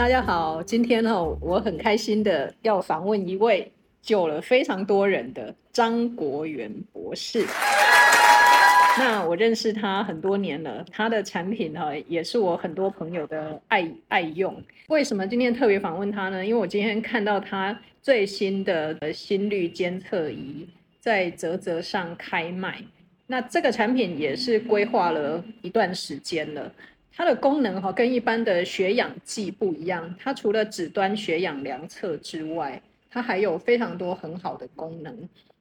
大家好，今天呢，我很開心的要訪問一位救了非常多人的張國源博士。那我認識他很多年了，他的產品哈也是我很多朋友的愛愛用。為什麼今天特別訪問他呢？因為我今天看到他最新的心率監測儀在嘖嘖上開賣，那這個產品也是規劃了一段時間了。它的功能哈、哦、跟一般的血氧計不一樣，它除了指端血氧量測之外，它還有非常多很好的功能。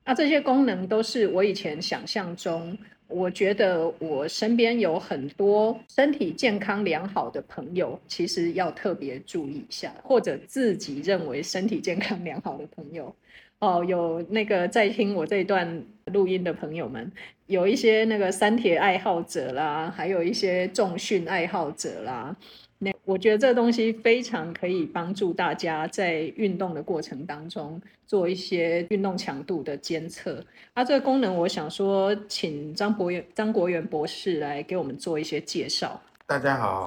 那、啊、這些功能都是我以前想象中，我覺得我身邊有很多身體健康良好的朋友，其實要特別注意一下，或者自己認為身體健康良好的朋友。哦，有那個在聽我這段錄音的朋友們，有一些那個三鐵愛好者啦，還有一些重訓愛好者啦。那我覺得這個東西非常可以幫助大家在運動的過程當中做一些運動強度的監測。啊，這個功能我想說，請張博元、張國源博士來給我們做一些介紹。大家好，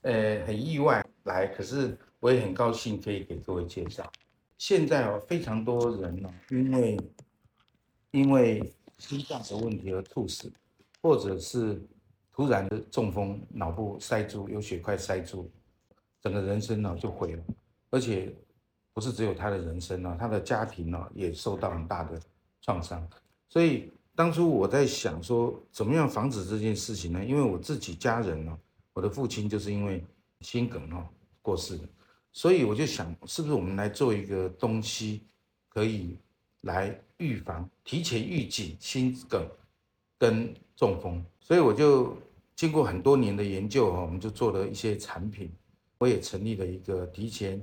呃，很意外來，可是我也很高興可以給各位介紹。現在哦，非常多人哦，因為因為心臟的問題而猝死，或者是突然的中風，腦部塞住，有血塊塞住，整個人生呢就毀了。而且不是只有他的人生呢，他的家庭呢也受到很大的創傷。所以當初我在想說，怎麼樣防止這件事情呢？因為我自己家人呢，我的父親就是因為心梗哦過世的。所以我就想，是不是我們來做一個東西，可以來預防、提前預警心梗跟中風？所以我就經過很多年的研究啊，我們就做了一些產品。我也成立了一個提前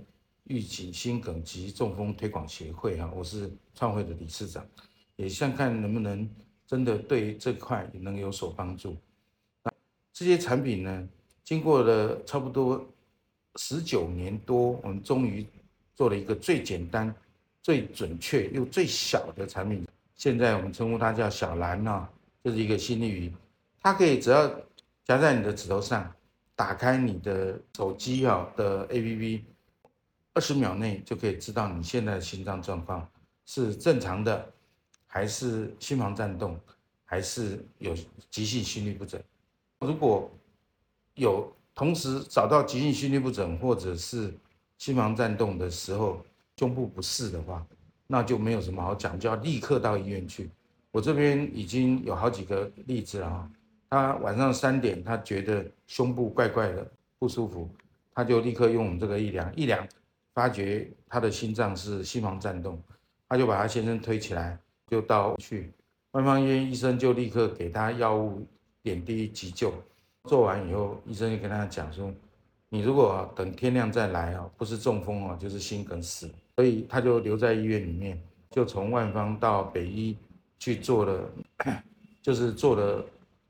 預警心梗及中風推廣協會哈，我是創會的理事長，也想看能不能真的對於這塊也能有所幫助。那這些產品呢，經過了差不多。十九年多，我們終於做了一個最簡單、最準確又最小的產品。現在我們稱呼它叫“小藍”呢、哦、這、就是一個心率儀。它可以只要夾在你的指頭上，打開你的手機哈的 APP，二十秒內就可以知道你現在的心臟狀況是正常的，還是心房顫動，還是有急性心律不整。如果有，同時，找到急性心律不整或者是心房顫動的時候，胸部不適的話，那就沒有什麼好講，就要立刻到醫院去。我這邊已經有好幾個例子了哈，他晚上三點，他覺得胸部怪怪的不舒服，他就立刻用我們這個一量一量，發覺他的心臟是心房顫動，他就把他先生推起來，就到去萬芳醫院，醫生就立刻給他藥物點滴急救。做完以後，醫生就跟他講說：“你如果、啊、等天亮再來啊，不是中風啊，就是心梗死。”所以他就留在醫院裡面，就從萬芳到北醫去做了，就是做了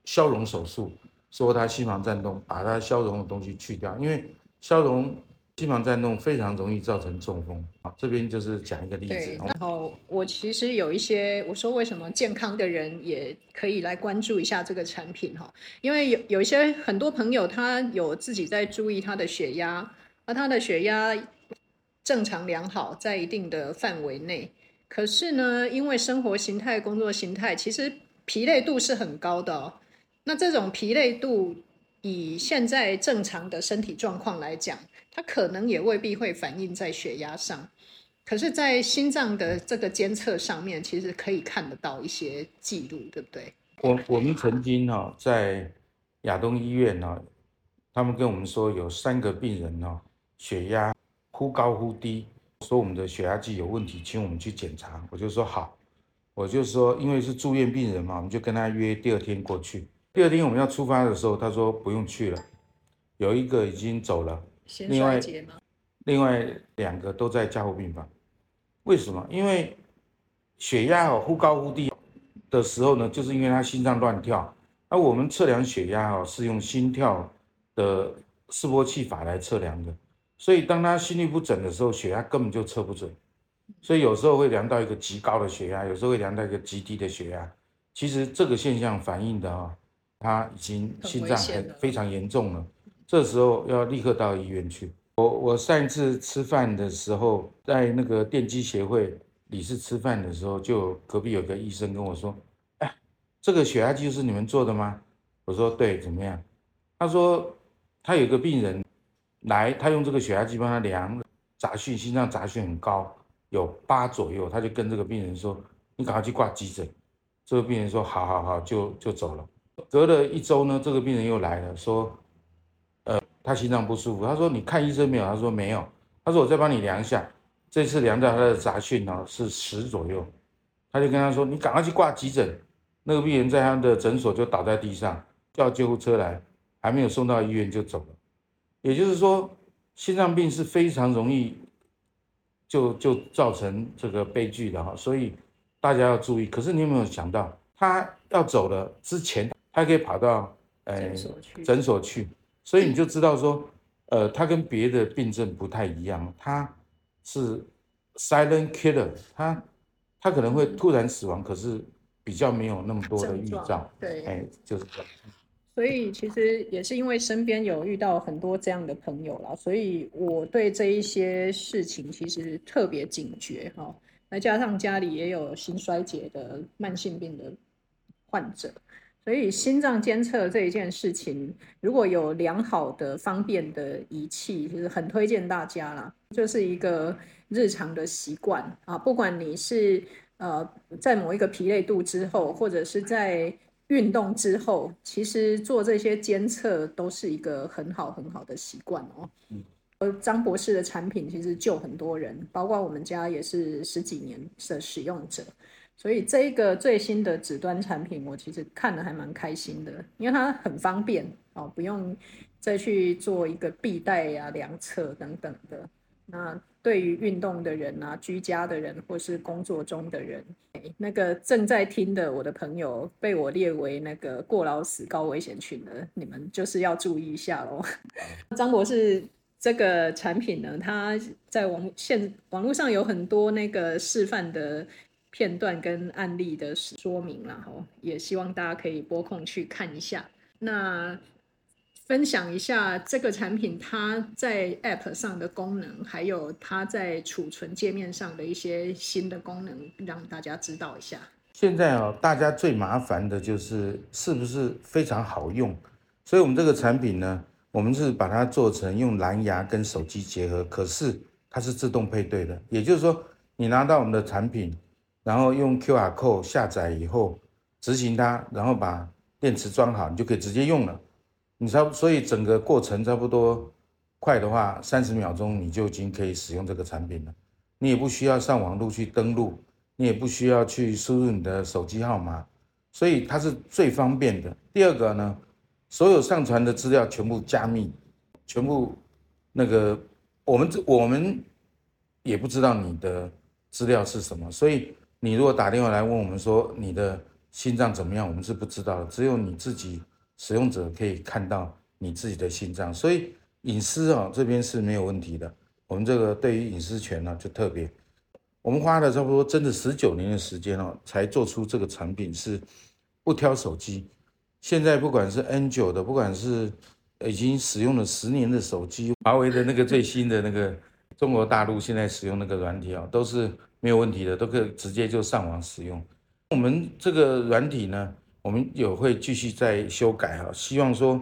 消融手術，說他心房顫動，把他消融的東西去掉，因為消融，經常在弄，非常容易造成中風。好，這邊就是講一個例子。對，然後我其實有一些，我說為什麼健康的人也可以來關注一下這個產品哈？因為有有一些很多朋友，他有自己在注意他的血壓，而他的血壓正常良好，在一定的範圍內。可是呢，因為生活形態、工作形態，其實疲累度是很高的。那這種疲累度，以現在正常的身體狀況來講，他可能也未必會反映在血壓上，可是，在心臟的這個監測上面，其實可以看得到一些記錄，對不對？我我們曾經哈、哦、在亞東醫院呢、哦，他們跟我們說有三個病人呢、哦，血壓忽高忽低，說我們的血壓計有問題，請我們去檢查。我就說好，我就說因為是住院病人嘛，我們就跟他約第二天過去。第二天我們要出發的時候，他說不用去了，有一個已經走了。先衰竭嗎另外，另外兩個都在加護病房，為什麼？因為血壓哦忽高忽低的時候呢，就是因為他心臟亂跳。那我們測量血壓哦是用心跳的示波器法來測量的，所以當他心率不整的時候，血壓根本就測不準。所以有時候會量到一個極高的血壓，有時候會量到一個極低的血壓。其實這個現象反映的哈，他已經心臟很非常嚴重了。這時候要立刻到醫院去。我我上一次吃飯的時候，在那個電機協會理事吃飯的時候，就隔壁有個醫生跟我說：“哎，這個血壓計是你們做的嗎？”我說：“對。”怎麼樣？他說：“他有一個病人來，他用這個血壓計幫他量雜訊，心臟雜訊很高，有八左右。”他就跟這個病人說：“你趕快去掛急診。”這個病人說：“好好好好，就就走了。”隔了一周呢，這個病人又來了，說。他心臟不舒服，他說：“你看醫生沒有？”他說：“沒有。”他說：“我再幫你量一下。”這次量到他的雜訊呢是十左右，他就跟他說：“你趕快去掛急診。”那個病人在他的診所就倒在地上，叫救護車來，還沒有送到醫院就走了。也就是說，心臟病是非常容易就就造成這個悲劇的哈，所以大家要注意。可是你有沒有想到，他要走了之前，他可以跑到呃診所去。診所去。所以你就知道說，呃，它跟別的病症不太一樣，它是 silent killer，它它可能會突然死亡，嗯，可是比較沒有那麼多的預兆，對，哎、欸，就是這樣。所以其實也是因為身邊有遇到很多這樣的朋友啦，所以我對這一些事情其實特別警覺哈、喔。那加上家裡也有心衰竭的慢性病的患者。所以，心臟監測這一件事情，如果有良好的、方便的儀器，就是很推薦大家啦。就是一個日常的習慣啊，不管你是呃在某一個疲累度之後，或者是在運動之後，其實做這些監測都是一個很好很好的習慣哦。嗯，張博士的產品其實救很多人，包括我們家也是十幾年的使用者。所以這個最新的指端產品，我其實看得還蠻開心的，因為它很方便哦，不用再去做一個臂帶呀、啊、量測等等的。那對於運動的人啊、居家的人或是工作中的人，那個正在聽的我的朋友，被我列為那個過勞死高危險群的，你們就是要注意一下咯。張博士，這個產品呢，它在網現網絡上有很多那個示範的。片段跟案例的說明了，吼，也希望大家可以撥空去看一下。那分享一下這個產品它在 App 上的功能，還有它在儲存界面上的一些新的功能，讓大家知道一下。現在哦，大家最麻煩的就是，是不是非常好用？所以我們這個產品呢，我們是把它做成用藍牙跟手機結合，可是它是自動配對的，也就是說你拿到我們的產品。然後用 QR Code 下載以後執行它，然後把電池裝好，你就可以直接用了。你差所以整個過程差不多快的話，三十秒鐘你就已經可以使用這個產品了。你也不需要上網路去登錄，你也不需要去輸入你的手機號碼，所以它是最方便的。第二個呢，所有上傳的資料全部加密，全部那個我們我們也不知道你的資料是什麼，所以。你如果打電話來問我們說你的心臟怎麼樣，我們是不知道的，只有你自己使用者可以看到你自己的心臟，所以隱私啊這邊是沒有問題的。我們這個對於隱私權呢就特別，我們花了差不多真的十九年的時間哦才做出這個產品，是不挑手機。現在不管是 N 九的，不管是已經使用了十年的手機，華為的那個最新的那個。中國大陸現在使用那個軟體啊，都是沒有問題的，都可以直接就上網使用。我們這個軟體呢，我們有會繼續再修改哈，希望說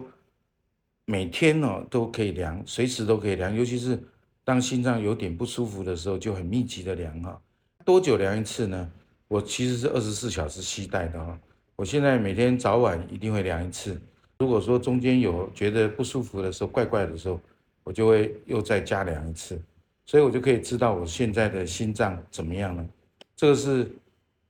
每天哦都可以量，隨時都可以量，尤其是當心臟有點不舒服的時候，就很密集的量哈。多久量一次呢？我其實是二十四小時繫帶的哈，我現在每天早晚一定會量一次。如果說中間有覺得不舒服的時候，怪怪的時候，我就會又再加量一次。所以我就可以知道我現在的心臟怎麼樣了。這個是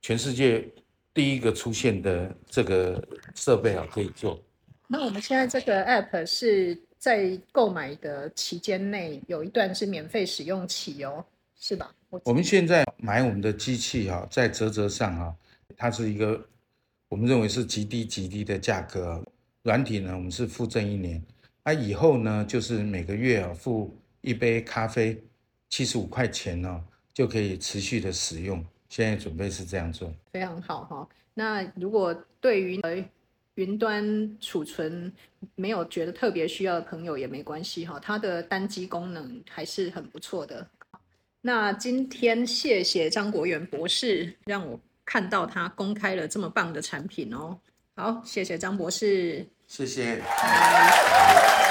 全世界第一個出現的這個設備啊，可以做。那我們現在這個 app 是在購買的期間內有一段是免費使用期哦，是吧？我，我們現在買我們的機器哈、啊，在嘖嘖上哈、啊，它是一個我們認為是極低極低的價格、啊。軟體呢，我們是附贈一年，那、啊、以後呢就是每個月啊付一杯咖啡。七十五塊錢呢、哦，就可以持續的使用。現在準備是這樣做，非常好哈。那如果對於雲雲端儲存沒有覺得特別需要的朋友也沒關係哈，它的單機功能還是很不錯的。那今天謝謝張國源博士，讓我看到他公開了這麼棒的產品哦。好，謝謝張博士，謝謝。